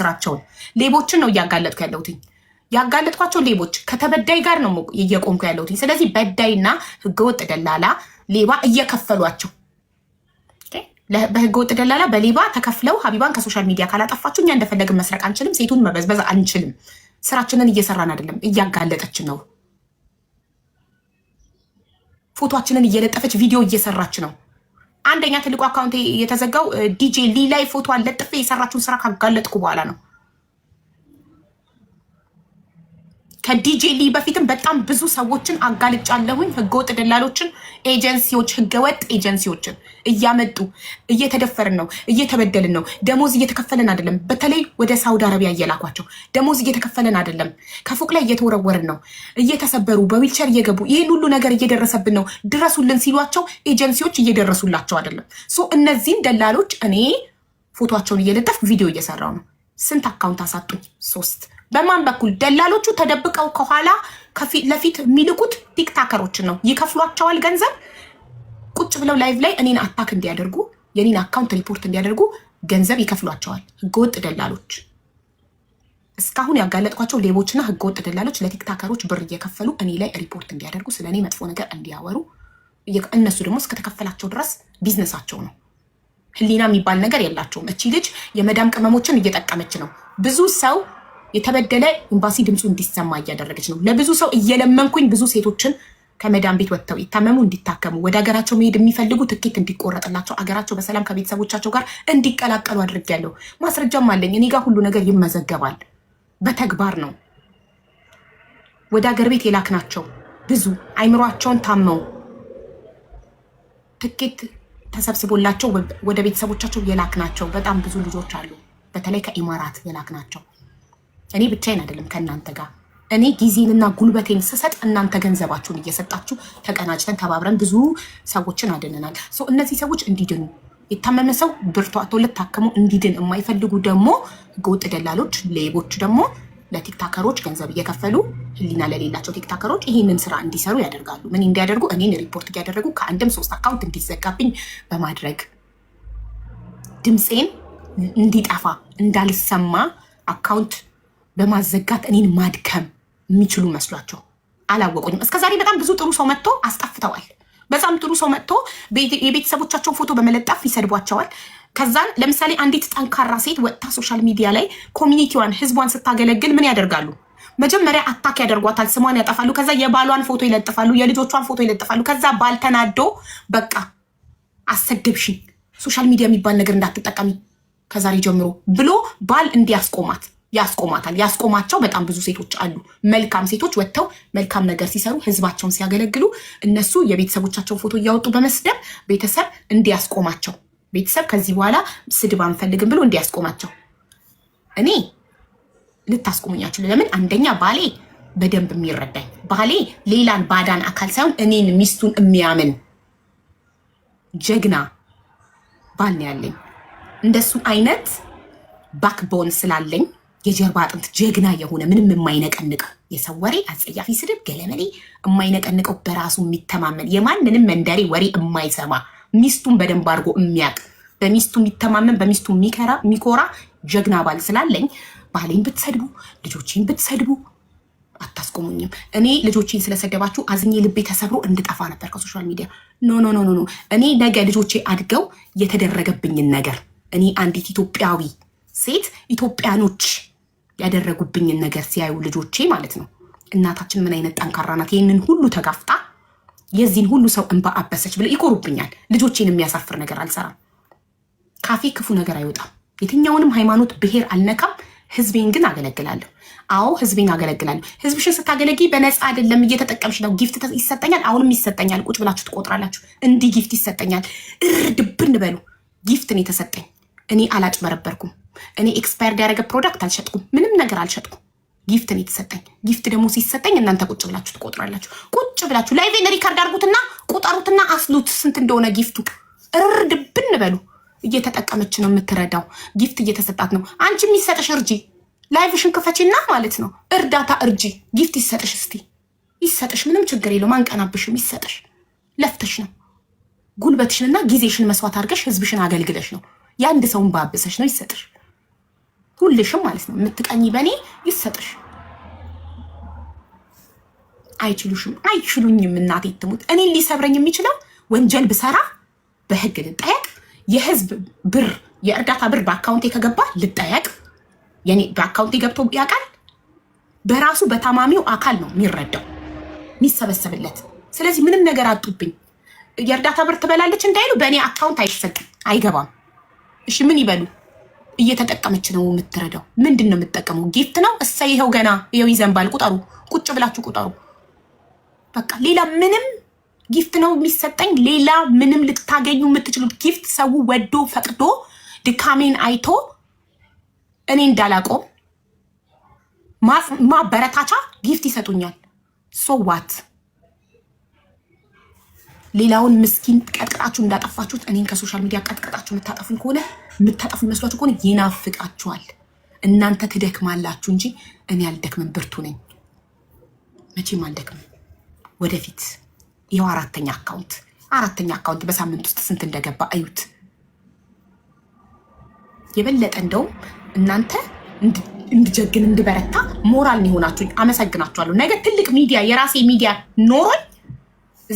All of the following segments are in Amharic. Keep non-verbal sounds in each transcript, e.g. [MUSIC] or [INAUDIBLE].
ስራቸውን ሌቦችን ነው እያጋለጥኩ ያለሁትኝ። ያጋለጥኳቸው ሌቦች ከተበዳይ ጋር ነው እየቆምኩ ያለሁትኝ። ስለዚህ በዳይና ህገወጥ ደላላ ሌባ እየከፈሏቸው በህገወጥ ደላላ በሌባ ተከፍለው ሀቢባን ከሶሻል ሚዲያ ካላጠፋችሁ እኛ እንደፈለግን መስረቅ አንችልም፣ ሴቱን መበዝበዝ አንችልም። ስራችንን እየሰራን አይደለም፣ እያጋለጠች ነው። ፎቶችንን እየለጠፈች ቪዲዮ እየሰራች ነው። አንደኛ ትልቁ አካውንት የተዘጋው ዲጄ ሊ ላይ ፎቶ አለጥፌ የሰራችውን ስራ ካጋለጥኩ በኋላ ነው። ከዲጄ ሊ በፊትም በጣም ብዙ ሰዎችን አጋልጫለሁኝ፣ ህገወጥ ደላሎችን፣ ኤጀንሲዎች፣ ህገወጥ ኤጀንሲዎችን እያመጡ እየተደፈርን ነው፣ እየተበደልን ነው። ደሞዝ እየተከፈለን አይደለም። በተለይ ወደ ሳውዲ አረቢያ እየላኳቸው ደሞዝ እየተከፈለን አይደለም። ከፎቅ ላይ እየተወረወርን ነው፣ እየተሰበሩ በዊልቸር እየገቡ ይህን ሁሉ ነገር እየደረሰብን ነው፣ ድረሱልን ሲሏቸው ኤጀንሲዎች እየደረሱላቸው አይደለም። ሶ እነዚህን ደላሎች እኔ ፎቶቸውን እየለጠፍ ቪዲዮ እየሰራው ነው። ስንት አካውንት አሳጡኝ? ሶስት በማን በኩል ደላሎቹ ተደብቀው ከኋላ ለፊት የሚልኩት ቲክታከሮችን ነው። ይከፍሏቸዋል ገንዘብ ብለው ላይቭ ላይ እኔን አታክ እንዲያደርጉ የኔን አካውንት ሪፖርት እንዲያደርጉ ገንዘብ ይከፍሏቸዋል ህገወጥ ደላሎች። እስካሁን ያጋለጥኳቸው ሌቦችና ህገወጥ ደላሎች ለቲክታከሮች ብር እየከፈሉ እኔ ላይ ሪፖርት እንዲያደርጉ ስለ እኔ መጥፎ ነገር እንዲያወሩ እነሱ ደግሞ እስከተከፈላቸው ድረስ ቢዝነሳቸው ነው። ህሊና የሚባል ነገር የላቸውም። እቺ ልጅ የመዳም ቅመሞችን እየጠቀመች ነው። ብዙ ሰው የተበደለ ኤምባሲ ድምፁ እንዲሰማ እያደረገች ነው። ለብዙ ሰው እየለመንኩኝ ብዙ ሴቶችን ከመዳን ቤት ወጥተው ይታመሙ እንዲታከሙ ወደ ሀገራቸው መሄድ የሚፈልጉ ትኬት እንዲቆረጥላቸው አገራቸው በሰላም ከቤተሰቦቻቸው ጋር እንዲቀላቀሉ አድርጌያለሁ። ማስረጃም አለኝ። እኔ ጋር ሁሉ ነገር ይመዘገባል። በተግባር ነው ወደ ሀገር ቤት የላክናቸው። ብዙ አይምሯቸውን ታመው ትኬት ተሰብስቦላቸው ወደ ቤተሰቦቻቸው የላክናቸው በጣም ብዙ ልጆች አሉ። በተለይ ከኢማራት የላክናቸው። እኔ ብቻዬን አይደለም ከእናንተ ጋር እኔ ጊዜንና ጉልበቴን ስሰጥ እናንተ ገንዘባችሁን እየሰጣችሁ ተቀናጅተን ተባብረን ብዙ ሰዎችን አድንናል። እነዚህ ሰዎች እንዲድኑ የታመመ ሰው ብርቷቶ ልታከሙ እንዲድን የማይፈልጉ ደግሞ ህገወጥ ደላሎች፣ ሌቦች ደግሞ ለቲክታከሮች ገንዘብ እየከፈሉ ህሊና ለሌላቸው ቲክታከሮች ይህንን ስራ እንዲሰሩ ያደርጋሉ። ምን እንዲያደርጉ እኔን ሪፖርት እያደረጉ ከአንድም ሶስት አካውንት እንዲዘጋብኝ በማድረግ ድምፄን እንዲጠፋ እንዳልሰማ አካውንት በማዘጋት እኔን ማድከም የሚችሉ መስሏቸው አላወቁኝም። እስከዛሬ በጣም ብዙ ጥሩ ሰው መጥቶ አስጠፍተዋል። በጣም ጥሩ ሰው መጥቶ የቤተሰቦቻቸውን ፎቶ በመለጠፍ ይሰድቧቸዋል። ከዛን ለምሳሌ አንዲት ጠንካራ ሴት ወጥታ ሶሻል ሚዲያ ላይ ኮሚኒቲዋን ህዝቧን ስታገለግል ምን ያደርጋሉ? መጀመሪያ አታክ ያደርጓታል፣ ስሟን ያጠፋሉ። ከዛ የባሏን ፎቶ ይለጥፋሉ፣ የልጆቿን ፎቶ ይለጥፋሉ። ከዛ ባል ተናዶ በቃ አሰደብሽኝ፣ ሶሻል ሚዲያ የሚባል ነገር እንዳትጠቀሚ ከዛሬ ጀምሮ ብሎ ባል እንዲያስቆማት ያስቆማታል። ያስቆማቸው በጣም ብዙ ሴቶች አሉ። መልካም ሴቶች ወጥተው መልካም ነገር ሲሰሩ፣ ህዝባቸውን ሲያገለግሉ እነሱ የቤተሰቦቻቸውን ፎቶ እያወጡ በመስደብ ቤተሰብ እንዲያስቆማቸው ቤተሰብ ከዚህ በኋላ ስድብ አንፈልግም ብሎ እንዲያስቆማቸው እኔ ልታስቆሙኛችሁ። ለምን? አንደኛ ባሌ በደንብ የሚረዳኝ ባሌ ሌላን ባዳን አካል ሳይሆን እኔን ሚስቱን የሚያምን ጀግና ባል ነው ያለኝ። እንደሱ አይነት ባክቦን ስላለኝ የጀርባ አጥንት ጀግና የሆነ ምንም የማይነቀንቀው የሰው ወሬ አጸያፊ ስድብ ገለመሌ የማይነቀንቀው በራሱ የሚተማመን የማንንም መንደሬ ወሬ የማይሰማ ሚስቱን በደንብ አድርጎ የሚያቅ በሚስቱ የሚተማመን በሚስቱ የሚኮራ ጀግና ባል ስላለኝ ባሌን ብትሰድቡ ልጆቼን ብትሰድቡ አታስቆሙኝም። እኔ ልጆቼን ስለሰደባችሁ አዝኜ ልቤ ተሰብሮ እንድጠፋ ነበር ከሶሻል ሚዲያ። ኖ ኖ ኖ ኖ። እኔ ነገ ልጆቼ አድገው የተደረገብኝን ነገር እኔ አንዲት ኢትዮጵያዊ ሴት ኢትዮጵያኖች ያደረጉብኝን ነገር ሲያዩ ልጆቼ ማለት ነው እናታችን ምን አይነት ጠንካራ ናት፣ ይህንን ሁሉ ተጋፍጣ የዚህን ሁሉ ሰው እንባ አበሰች ብለ ይኮሩብኛል። ልጆቼን የሚያሳፍር ነገር አልሰራም። ካፌ ክፉ ነገር አይወጣም። የትኛውንም ሃይማኖት፣ ብሔር አልነካም። ህዝቤን ግን አገለግላለሁ። አዎ ህዝቤን አገለግላለሁ። ህዝብሽን ስታገለጊ በነፃ አይደለም እየተጠቀምሽ ነው። ጊፍት ይሰጠኛል፣ አሁንም ይሰጠኛል። ቁጭ ብላችሁ ትቆጥራላችሁ። እንዲህ ጊፍት ይሰጠኛል። እርድብን በሉ ጊፍትን የተሰጠኝ እኔ አላጭበረበርኩም። እኔ ኤክስፓየርድ ያደረገ ፕሮዳክት አልሸጥኩም። ምንም ነገር አልሸጥኩም። ጊፍት ነው የተሰጠኝ። ጊፍት ደግሞ ሲሰጠኝ እናንተ ቁጭ ብላችሁ ትቆጥራላችሁ። ቁጭ ብላችሁ ላይቬን ሪካርድ አድርጉትና ቁጠሩትና አስሉት ስንት እንደሆነ ጊፍቱ። እርድ ብን በሉ። እየተጠቀመች ነው የምትረዳው። ጊፍት እየተሰጣት ነው። አንቺ የሚሰጥሽ እርጂ። ላይቭሽን ክፈቺና ማለት ነው እርዳታ እርጂ። ጊፍት ይሰጥሽ እስቲ ይሰጥሽ። ምንም ችግር የለውም። አንቀናብሽም። ይሰጥሽ። ለፍተሽ ነው ጉልበትሽንና ጊዜሽን መስዋዕት አድርገሽ ህዝብሽን አገልግለሽ ነው የአንድ ሰውን ባብሰሽ ነው ይሰጥሽ። ሁልሽም ማለት ነው የምትቀኝ በእኔ ይሰጥሽ። አይችሉሽም፣ አይችሉኝም። እናቴ ትሙት እኔን ሊሰብረኝ የሚችለው ወንጀል ብሰራ በህግ ልጠየቅ፣ የህዝብ ብር የእርዳታ ብር በአካውንቴ ከገባ ልጠየቅ። የኔ በአካውንቴ ገብቶ ያውቃል። በራሱ በታማሚው አካል ነው የሚረዳው የሚሰበሰብለት። ስለዚህ ምንም ነገር አጡብኝ። የእርዳታ ብር ትበላለች እንዳይሉ በእኔ አካውንት አይሰጥም፣ አይገባም። እሺ ምን ይበሉ? እየተጠቀመች ነው የምትረዳው። ምንድን ነው የምትጠቀመው? ጊፍት ነው። እሰይ ይኸው ገና ይኸው ይዘንባል። ቁጠሩ፣ ቁጭ ብላችሁ ቁጠሩ። በቃ ሌላ ምንም ጊፍት ነው የሚሰጠኝ። ሌላ ምንም ልታገኙ የምትችሉት ጊፍት ሰው ወዶ ፈቅዶ ድካሜን አይቶ እኔ እንዳላቆም ማበረታቻ ጊፍት ይሰጡኛል። ሶዋት ሌላውን ምስኪን ቀጥቅጣችሁ እንዳጠፋችሁት እኔን ከሶሻል ሚዲያ ቀጥቅጣችሁ የምታጠፉኝ ከሆነ የምታጠፉ መስሏችሁ ከሆነ ይናፍቃችኋል። እናንተ ትደክማላችሁ እንጂ እኔ አልደክምም፣ ብርቱ ነኝ፣ መቼም አልደክምም። ወደፊት ይኸው አራተኛ አካውንት አራተኛ አካውንት በሳምንት ውስጥ ስንት እንደገባ አዩት የበለጠ እንደውም እናንተ እንድጀግን እንድበረታ ሞራል ሆናችሁ አመሰግናችኋለሁ። ነገር ትልቅ ሚዲያ የራሴ ሚዲያ ኖሮኝ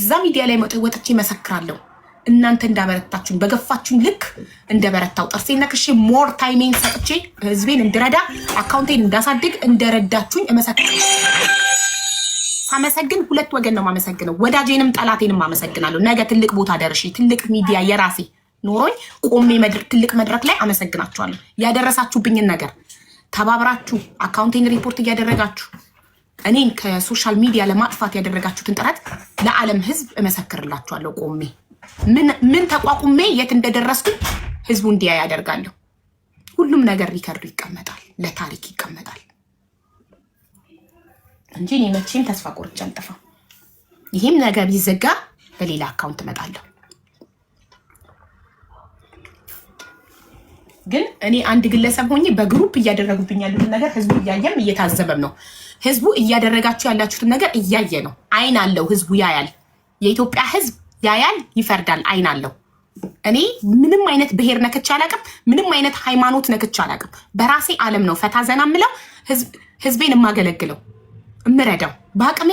እዛ ሚዲያ ላይ መጥቼ መሰክራለሁ። እናንተ እንዳበረታችሁኝ በገፋችሁኝ ልክ እንደበረታው ጥርሴ ነክሼ ሞር ታይሜን ሰጥቼ ህዝቤን እንድረዳ አካውንቴን እንዳሳድግ እንደረዳችሁኝ እመሰክ ሳመሰግን ሁለት ወገን ነው ማመሰግነው፣ ወዳጄንም ጠላቴንም አመሰግናለሁ። ነገ ትልቅ ቦታ ደርሼ ትልቅ ሚዲያ የራሴ ኖሮኝ ቆሜ ትልቅ መድረክ ላይ አመሰግናችኋለሁ። ያደረሳችሁብኝን ነገር ተባብራችሁ አካውንቴን ሪፖርት እያደረጋችሁ እኔን ከሶሻል ሚዲያ ለማጥፋት ያደረጋችሁትን ጥረት ለዓለም ህዝብ እመሰክርላችኋለሁ ቆሜ ምን ተቋቁሜ የት እንደደረስኩኝ ህዝቡ እንዲያ ያደርጋለሁ። ሁሉም ነገር ሪከርዱ ይቀመጣል፣ ለታሪክ ይቀመጣል እንጂ እኔ መቼም ተስፋ ቆርጬ አልጠፋም። ይህም ነገር ቢዘጋ በሌላ አካውንት እመጣለሁ። ግን እኔ አንድ ግለሰብ ሆኜ በግሩፕ እያደረጉብኝ ያሉትን ነገር ህዝቡ እያየም እየታዘበም ነው። ህዝቡ እያደረጋችሁ ያላችሁትን ነገር እያየ ነው። አይን አለው፣ ህዝቡ ያያል። የኢትዮጵያ ህዝብ ያያል፣ ይፈርዳል። አይን አለው። እኔ ምንም አይነት ብሔር ነክቼ አላቅም። ምንም አይነት ሃይማኖት ነክቼ አላቅም። በራሴ አለም ነው ፈታ ዘና ምለው፣ ህዝቤን የማገለግለው እምረዳው፣ በአቅሜ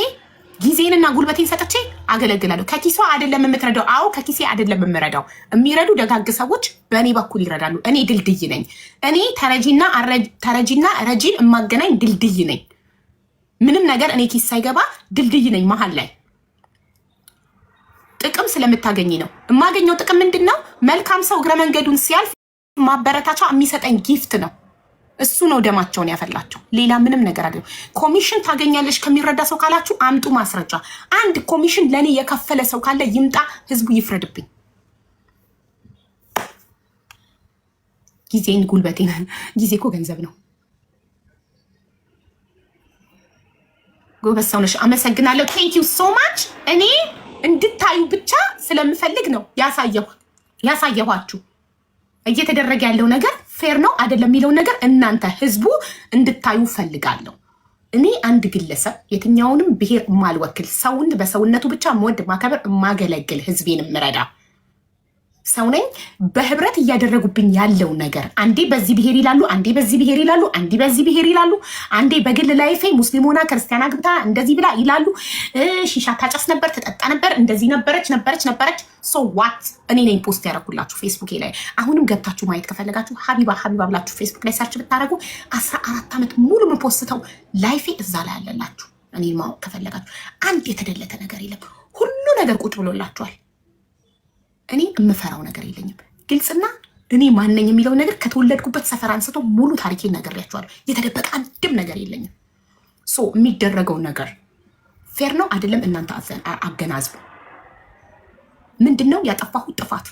ጊዜንና ጉልበቴን ሰጥቼ አገለግላለሁ። ከኪሷ አይደለም የምትረዳው። አዎ ከኪሴ አይደለም የምረዳው። የሚረዱ ደጋግ ሰዎች በእኔ በኩል ይረዳሉ። እኔ ድልድይ ነኝ። እኔ ተረጂና ተረጂና ረጂን የማገናኝ ድልድይ ነኝ። ምንም ነገር እኔ ኪስ ሳይገባ ድልድይ ነኝ መሀል ላይ ጥቅም ስለምታገኝ ነው። የማገኘው ጥቅም ምንድን ነው? መልካም ሰው እግረ መንገዱን ሲያልፍ ማበረታቻ የሚሰጠኝ ጊፍት ነው። እሱ ነው ደማቸውን ያፈላቸው። ሌላ ምንም ነገር አለ። ኮሚሽን ታገኛለች ከሚረዳ ሰው ካላችሁ አምጡ ማስረጃ። አንድ ኮሚሽን ለእኔ የከፈለ ሰው ካለ ይምጣ፣ ህዝቡ ይፍረድብኝ። ጊዜን ጉልበቴን፣ [LAUGHS] ጊዜ እኮ ገንዘብ ነው። ጎበዝ ሰው ነሽ። አመሰግናለሁ። ቴንክ ዩ ሶ ማች እኔ እንድታዩ ብቻ ስለምፈልግ ነው ያሳየኋችሁ። እየተደረገ ያለው ነገር ፌር ነው አይደለም የሚለውን ነገር እናንተ ህዝቡ እንድታዩ ፈልጋለሁ። እኔ አንድ ግለሰብ የትኛውንም ብሄር የማልወክል ሰውን በሰውነቱ ብቻ መወድ ማከበር የማገለግል ህዝቤን ምረዳ ሰው ነኝ። በህብረት እያደረጉብኝ ያለው ነገር አንዴ በዚህ ብሄር ይላሉ፣ አንዴ በዚህ ብሄር ይላሉ፣ አንዴ በዚህ ብሄር ይላሉ፣ አንዴ በግል ላይፌ ሙስሊም ሆና ክርስቲያና አግብታ እንደዚህ ብላ ይላሉ። ሺሻ ታጨስ ነበር፣ ትጠጣ ነበር፣ እንደዚህ ነበረች፣ ነበረች፣ ነበረች። ሶ ዋት እኔ ነኝ ፖስት ያደረኩላችሁ ፌስቡኬ ላይ። አሁንም ገብታችሁ ማየት ከፈለጋችሁ ሀቢባ ሀቢባ ብላችሁ ፌስቡክ ላይ ሰርች ብታደረጉ አስራ አራት ዓመት ሙሉ ምፖስተው ላይፌ እዛ ላይ ያለላችሁ እኔ ማወቅ ከፈለጋችሁ አንድ የተደለተ ነገር የለም። ሁሉ ነገር ቁጭ ብሎላችኋል። እኔ የምፈራው ነገር የለኝም። ግልጽና እኔ ማነኝ የሚለው ነገር ከተወለድኩበት ሰፈር አንስቶ ሙሉ ታሪኬን ነግሬያቸዋለሁ። የተደበቀ አንድም ነገር የለኝም። ሶ የሚደረገው ነገር ፌር ነው አይደለም፣ እናንተ አገናዝቡ። ምንድን ነው ያጠፋሁት ጥፋት?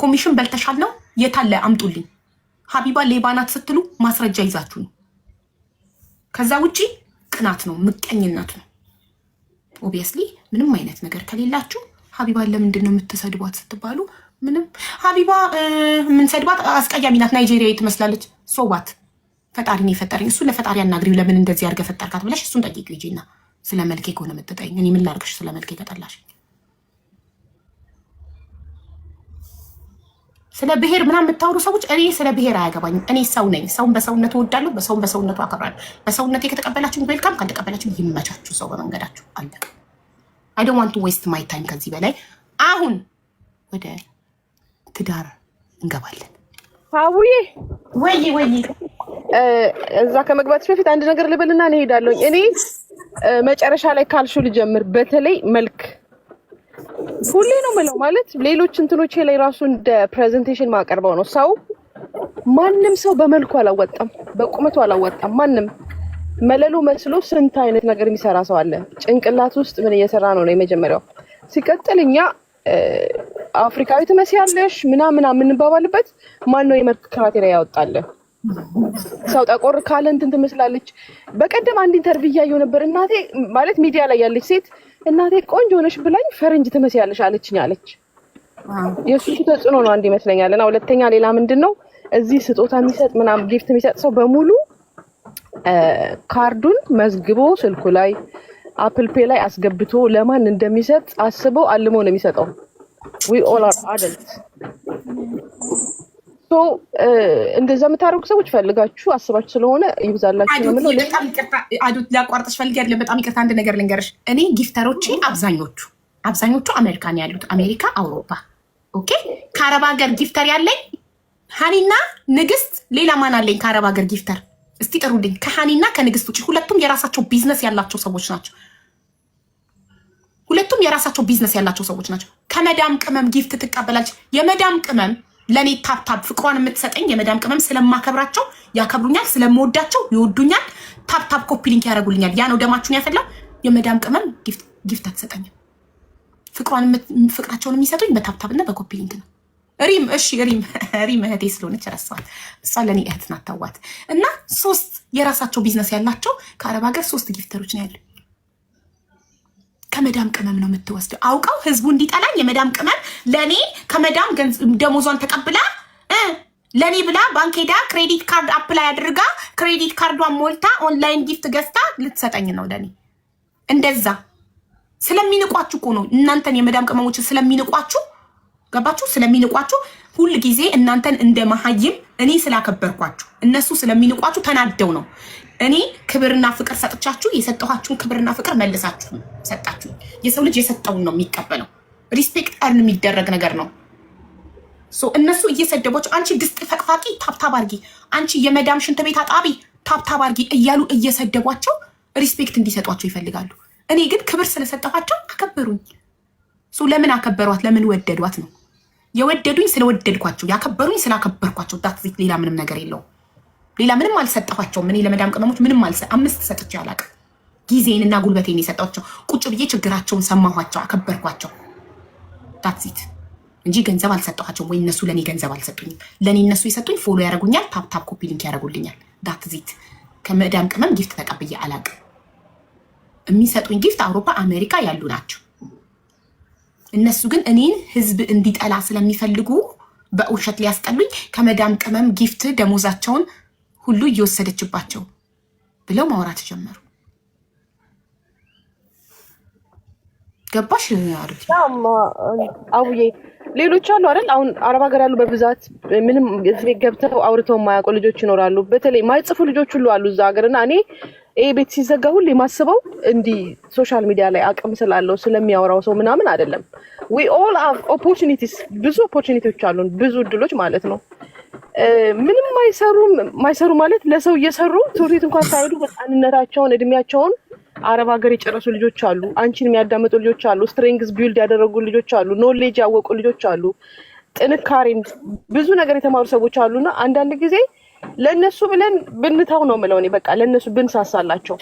ኮሚሽን በልተሻል ነው? የታለ አምጡልኝ። ሀቢባ ሌባናት ስትሉ ማስረጃ ይዛችሁ ነው። ከዛ ውጪ ቅናት ነው፣ ምቀኝነት ነው። ኦብየስሊ ምንም አይነት ነገር ከሌላችሁ ሀቢባን ለምንድን ነው የምትሰድቧት ስትባሉ ምንም ሀቢባ የምንሰድባት አስቀያሚ ናት፣ ናይጄሪያዊ ትመስላለች። ሶዋት ፈጣሪ ነው የፈጠረኝ። እሱ ለፈጣሪ አናግሪው ለምን እንደዚህ አድርገህ ፈጠርካት ብለሽ እሱን ጠቂቅ ሂጂና። ስለ መልኬ ከሆነ የምትጠይኝ እኔ ምን ላድርግሽ? ስለ መልኬ ከጠላሽ ስለ ብሔር ምናምን የምታወሩ ሰዎች እኔ ስለ ብሔር አያገባኝም። እኔ ሰው ነኝ። ሰውን በሰውነቱ እወዳለሁ፣ በሰውን በሰውነቱ አከብራለሁ። በሰውነቴ ከተቀበላችሁ ዌልካም፣ ካልተቀበላችሁ ይመቻችሁ። ሰው በመንገዳችሁ አለ። አይ ዶንት ዋንት ዌስት ማይ ታይም ከዚህ በላይ አሁን ወደ ትዳር እንገባለን። አቡዬ ወይ ወይ እዛ ከመግባትሽ በፊት አንድ ነገር ልበልና እንሄዳለሁኝ። እኔ መጨረሻ ላይ ካልሹ ልጀምር። በተለይ መልክ ሁሌ ነው ምለው ማለት ሌሎች እንትኖቼ ላይ ራሱ እንደ ፕሬዘንቴሽን ማቀርበው ነው። ሰው ማንም ሰው በመልኩ አላወጣም፣ በቁመቱ አላወጣም። ማንም መለሉ መስሎ ስንት አይነት ነገር የሚሰራ ሰው አለ። ጭንቅላት ውስጥ ምን እየሰራ ነው ነው የመጀመሪያው። ሲቀጥል እኛ አፍሪካዊ ትመስያለሽ ምናምና የምንባባልበት ማን ነው የመርክ ክራቴሪያ ያወጣለ ሰው ጠቆር ካለ እንትን ትመስላለች። በቀደም አንድ ኢንተርቪው እያየሁ ነበር። እናቴ ማለት ሚዲያ ላይ ያለች ሴት እናቴ ቆንጆ ሆነሽ ብላኝ ፈረንጅ ትመስያለሽ አለችኝ አለች። የእሱ ተጽዕኖ ነው አንድ ይመስለኛል። እና ሁለተኛ ሌላ ምንድን ነው እዚህ ስጦታ የሚሰጥ ምናምን ጊፍት የሚሰጥ ሰው በሙሉ ካርዱን መዝግቦ ስልኩ ላይ አፕል ፔ ላይ አስገብቶ ለማን እንደሚሰጥ አስቦ አልሞ ነው የሚሰጠው። ዊ ኦል አር አደልት ሶ እንደዛ የምታደርጉ ሰዎች ፈልጋችሁ አስባችሁ ስለሆነ ይብዛላችሁ። በጣም ይቅርታ አዶት ላቋርጥሽ ፈልጊያለሁ። በጣም ይቅርታ አንድ ነገር ልንገርሽ። እኔ ጊፍተሮቼ አብዛኞቹ አብዛኞቹ አሜሪካን ያሉት አሜሪካ፣ አውሮፓ ኦኬ። ከአረብ ሀገር ጊፍተር ያለኝ ሀኒና ንግስት፣ ሌላ ማን አለኝ ከአረብ ሀገር ጊፍተር እስቲ ጥሩልኝ። ከሀኒና ከንግስት ውጭ ሁለቱም የራሳቸው ቢዝነስ ያላቸው ሰዎች ናቸው። ሁለቱም የራሳቸው ቢዝነስ ያላቸው ሰዎች ናቸው። ከመዳም ቅመም ጊፍት ትቀበላለች። የመዳም ቅመም ለእኔ ታፕታፕ ፍቅሯን የምትሰጠኝ የመዳም ቅመም ስለማከብራቸው ያከብሩኛል፣ ስለምወዳቸው ይወዱኛል። ታፕታፕ ኮፒሊንክ ያደረጉልኛል። ያ ነው ደማችሁን ያፈላው። የመዳም ቅመም ጊፍት አትሰጠኝም። ፍቅሯን ፍቅራቸውን የሚሰጡኝ በታፕታፕና በኮፒሊንክ ነው። ሪም እሺ፣ ሪም ሪም እህቴ ስለሆነች ረሳት። እሷ ለእኔ እህት ናት። እና ሶስት የራሳቸው ቢዝነስ ያላቸው ከአረብ ሀገር ሶስት ጊፍተሮች ነው ያሉ። ከመዳም ቅመም ነው የምትወስደው፣ አውቀው ህዝቡ እንዲጠላኝ የመዳም ቅመም ለእኔ ከመዳም ደሞዟን ተቀብላ ለእኔ ብላ ባንክ ሄዳ ክሬዲት ካርድ አፕላይ አድርጋ ክሬዲት ካርዷን ሞልታ ኦንላይን ጊፍት ገዝታ ልትሰጠኝ ነው ለእኔ እንደዛ። ስለሚንቋችሁ እኮ ነው እናንተን የመዳም ቅመሞችን ስለሚንቋችሁ ገባችሁ? ስለሚንቋችሁ ሁል ጊዜ እናንተን እንደ መሀይም እኔ ስላከበርኳችሁ እነሱ ስለሚንቋችሁ ተናደው ነው። እኔ ክብርና ፍቅር ሰጥቻችሁ የሰጠኋችሁን ክብርና ፍቅር መልሳችሁ ሰጣችሁ። የሰው ልጅ የሰጠውን ነው የሚቀበለው። ሪስፔክት እርን የሚደረግ ነገር ነው። እነሱ እየሰደቧቸው አንቺ ድስጥ ፈቅፋቂ ታብታብ አርጊ፣ አንቺ የመዳም ሽንት ቤት አጣቢ ታብታብ አርጊ እያሉ እየሰደቧቸው ሪስፔክት እንዲሰጧቸው ይፈልጋሉ። እኔ ግን ክብር ስለሰጠኋቸው አከበሩኝ። ለምን አከበሯት? ለምን ወደዷት ነው የወደዱኝ ስለወደድኳቸው፣ ያከበሩኝ ስላከበርኳቸው ዳትዚት። ሌላ ምንም ነገር የለውም። ሌላ ምንም አልሰጠኋቸውም። እኔ ለመዳም ቅመሞች ምንም አምስት ሰጥቼ አላቅም። ጊዜንና ጉልበቴን የሰጠኋቸው ቁጭ ብዬ ችግራቸውን ሰማኋቸው፣ አከበርኳቸው። ዳትዚት እንጂ ገንዘብ አልሰጠኋቸውም፣ ወይ እነሱ ለእኔ ገንዘብ አልሰጡኝም። ለእኔ እነሱ የሰጡኝ ፎሎ ያደረጉኛል፣ ታፕታፕ ኮፒ ሊንክ ያደረጉልኛል። ዳትዚት ከመዳም ቅመም ጊፍት ተቀብዬ አላቅም። የሚሰጡኝ ጊፍት አውሮፓ አሜሪካ ያሉ ናቸው። እነሱ ግን እኔን ህዝብ እንዲጠላ ስለሚፈልጉ በውሸት ሊያስጠሉኝ ከመዳም ቅመም ጊፍት ደሞዛቸውን ሁሉ እየወሰደችባቸው ብለው ማውራት ጀመሩ። ገባሽ? አቡዬ ሌሎች አሉ አይደል? አሁን አረብ ሀገር ያሉ በብዛት ምንም እዚህ ቤት ገብተው አውርተው የማያውቁ ልጆች ይኖራሉ። በተለይ ማይጽፉ ልጆች ሁሉ አሉ እዛ ሀገር እና እኔ ይሄ ቤት ሲዘጋ ሁሌ የማስበው እንዲህ ሶሻል ሚዲያ ላይ አቅም ስላለው ስለሚያወራው ሰው ምናምን አይደለም። ዊ ኦል ኦፖርቹኒቲስ፣ ብዙ ኦፖርቹኒቲዎች አሉን፣ ብዙ እድሎች ማለት ነው። ምንም ማይሰሩ ማይሰሩ ማለት ለሰው እየሰሩ ትምህርት እንኳን ሳይሄዱ ሕፃንነታቸውን እድሜያቸውን አረብ ሀገር የጨረሱ ልጆች አሉ። አንቺን የሚያዳምጡ ልጆች አሉ። ስትሪንግስ ቢውልድ ያደረጉ ልጆች አሉ። ኖሌጅ ያወቁ ልጆች አሉ። ጥንካሬም ብዙ ነገር የተማሩ ሰዎች አሉና አንዳንድ ጊዜ ለእነሱ ብለን ብንተው ነው ምለው እኔ በቃ ለእነሱ ብንሳሳላቸው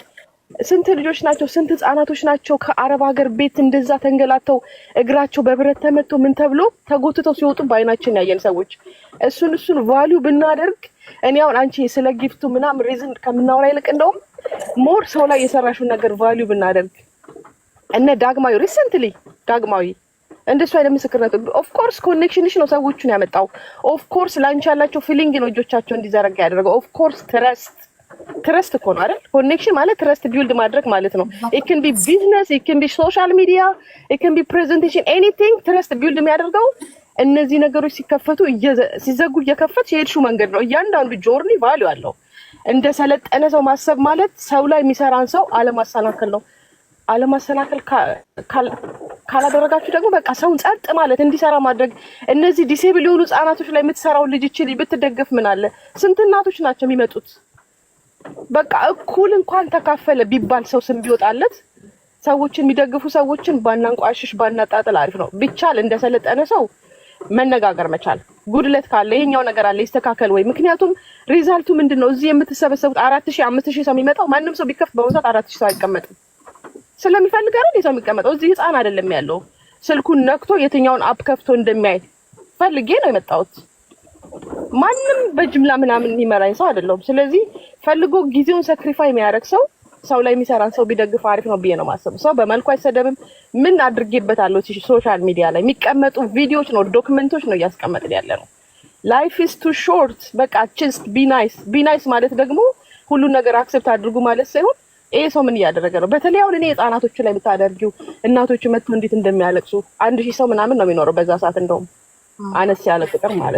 ስንት ልጆች ናቸው? ስንት ህጻናቶች ናቸው? ከአረብ ሀገር ቤት እንደዛ ተንገላተው እግራቸው በብረት ተመቶ ምን ተብሎ ተጎትተው ሲወጡ በአይናችን ያየን ሰዎች፣ እሱን እሱን ቫሊዩ ብናደርግ እኔ አሁን አንቺ ስለ ጊፍቱ ምናምን ሪዝን ከምናወራ ይልቅ እንደውም ሞር ሰው ላይ የሰራሽውን ነገር ቫሊዩ ብናደርግ እነ ዳግማዊ ሪሰንትሊ ዳግማዊ እንደሱ አይነት ምስክርነት ኦፍኮርስ ኮኔክሽንሽ ነው ሰዎቹን ያመጣው። ኦፍኮርስ ላንቺ ያላቸው ፊሊንግ ነው እጆቻቸው እንዲዘረጋ ያደረገው። ኦፍኮርስ ትረስት ትረስት እኮ ነው አይደል? ኮኔክሽን ማለት ትረስት ቢውልድ ማድረግ ማለት ነው። ኢክን ቢ ቢዝነስ፣ ኢክን ቢ ሶሻል ሚዲያ፣ ኢክን ቢ ፕሬዘንቴሽን፣ ኤኒቲንግ ትረስት ቢውልድ የሚያደርገው እነዚህ ነገሮች ሲከፈቱ ሲዘጉ እየከፈት የሄድሽው መንገድ ነው። እያንዳንዱ ጆርኒ ቫሊዩ አለው። እንደ ሰለጠነ ሰው ማሰብ ማለት ሰው ላይ የሚሰራን ሰው አለማሰናከል ነው። አለማሰናከል ካላደረጋችሁ ደግሞ በቃ ሰውን ጸጥ ማለት እንዲሰራ ማድረግ። እነዚህ ዲሴብል የሆኑ ህጻናቶች ላይ የምትሰራው ልጅ ይችል ብትደገፍ ምን አለ? ስንት እናቶች ናቸው የሚመጡት። በቃ እኩል እንኳን ተካፈለ ቢባል ሰው ስም ቢወጣለት ሰዎችን የሚደግፉ ሰዎችን ባናንቋሽሽ ባናጣጥል አሪፍ ነው። ቢቻል እንደሰለጠነ ሰው መነጋገር መቻል ጉድለት ካለ ይሄኛው ነገር አለ ይስተካከል ወይ? ምክንያቱም ሪዛልቱ ምንድን ነው? እዚህ የምትሰበሰቡት አራት ሺህ አምስት ሺህ ሰው የሚመጣው ማንም ሰው ቢከፍት በመውሰት አራት ሺህ ሰው አይቀመጥም። ስለሚፈልግ አይደል የሰው የሚቀመጠው እዚህ ህፃን አይደለም ያለው። ስልኩን ነክቶ የትኛውን አፕ ከፍቶ እንደሚያይ ፈልጌ ነው የመጣሁት። ማንም በጅምላ ምናምን የሚመራኝ ሰው አይደለሁም። ስለዚህ ፈልጎ ጊዜውን ሰክሪፋይ የሚያደርግ ሰው ሰው ላይ የሚሰራን ሰው ቢደግፍ አሪፍ ነው ብዬ ነው ማሰብ። ሰው በመልኩ አይሰደብም። ምን አድርጌበታለሁ? ሶሻል ሚዲያ ላይ የሚቀመጡ ቪዲዮዎች ነው ዶክመንቶች ነው እያስቀመጥን ያለ ነው። ላይፍ ኢዝ ቱ ሾርት። በቃ ችስት ቢናይስ ቢናይስ ማለት ደግሞ ሁሉን ነገር አክሴፕት አድርጉ ማለት ሳይሆን ይሄ ሰው ምን እያደረገ ነው? በተለይ አሁን እኔ ህጻናቶቹ ላይ ብታደርጊው እናቶቹ መጥቶ እንዴት እንደሚያለቅሱ አንድ ሺህ ሰው ምናምን ነው የሚኖረው በዛ ሰዓት እንደውም አነስ ያለ ቁጥር ማለት ነው።